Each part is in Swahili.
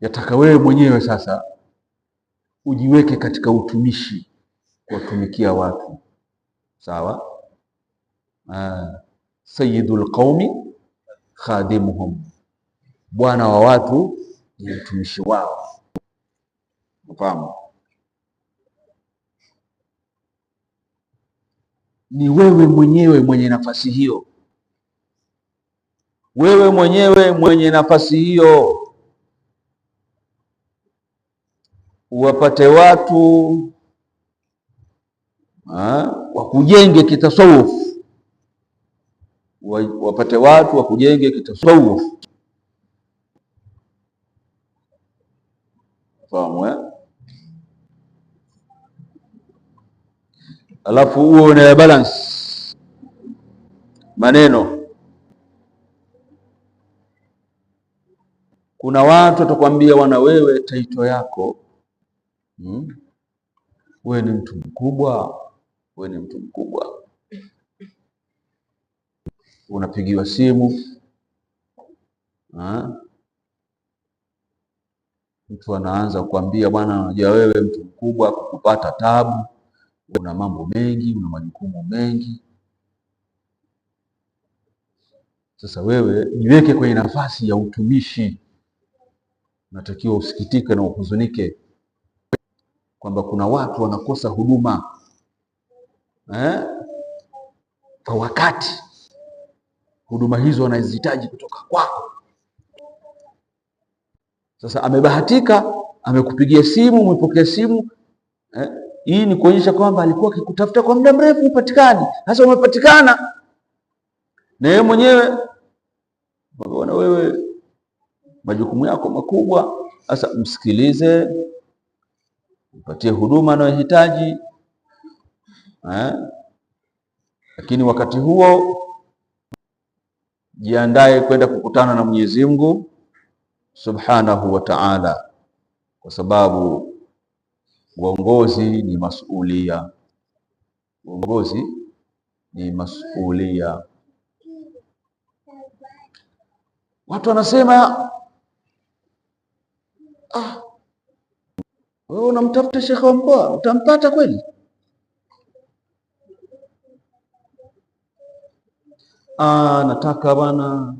yataka wewe mwenyewe sasa ujiweke katika utumishi, kuwatumikia watu sawa. Aa, ah, sayyidul qaumi khadimuhum, bwana wa watu ni mtumishi wao. Mfahamu ni wewe mwenyewe mwenye nafasi hiyo, wewe mwenyewe mwenye nafasi hiyo uwapate watu wakujenge kitasawufu, wapate watu wakujenge kitasawufu, fahamu eh? Alafu huo una balance maneno. Kuna watu watakwambia, wana wewe, taito yako hmm? Wewe ni mtu mkubwa, wewe ni mtu mkubwa, unapigiwa simu ha? Mtu anaanza kukwambia bwana, unajua wewe mtu mkubwa, kukupata tabu, una mambo mengi, una majukumu mengi. Sasa wewe jiweke kwenye nafasi ya utumishi, natakiwa usikitike na uhuzunike kwamba kuna watu wanakosa huduma eh, kwa wakati. Huduma hizo wanazihitaji kutoka kwako. Sasa amebahatika, amekupigia simu, umepokea simu eh, hii ni kuonyesha kwamba alikuwa akikutafuta kwa muda mrefu, upatikani. Sasa umepatikana na yeye mwenyewe bwana, wewe majukumu yako makubwa. Sasa msikilize upatie huduma anayohitaji eh? Lakini wakati huo jiandae kwenda kukutana na Mwenyezi Mungu Subhanahu wa Ta'ala, kwa sababu uongozi ni masulia, uongozi ni masulia. Watu wanasema ah, wewe unamtafuta shekhe wa mkoa, utampata kweli? Aa, ah, nataka bwana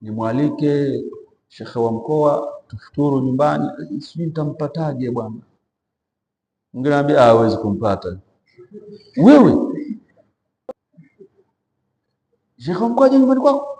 nimwalike shekhe wa mkoa tufuturu nyumbani, sijui nitampataje bwana. Mwingine anambia hawezi ah, kumpata. Wewe shekhe wa mkoa je nyumbani kwako?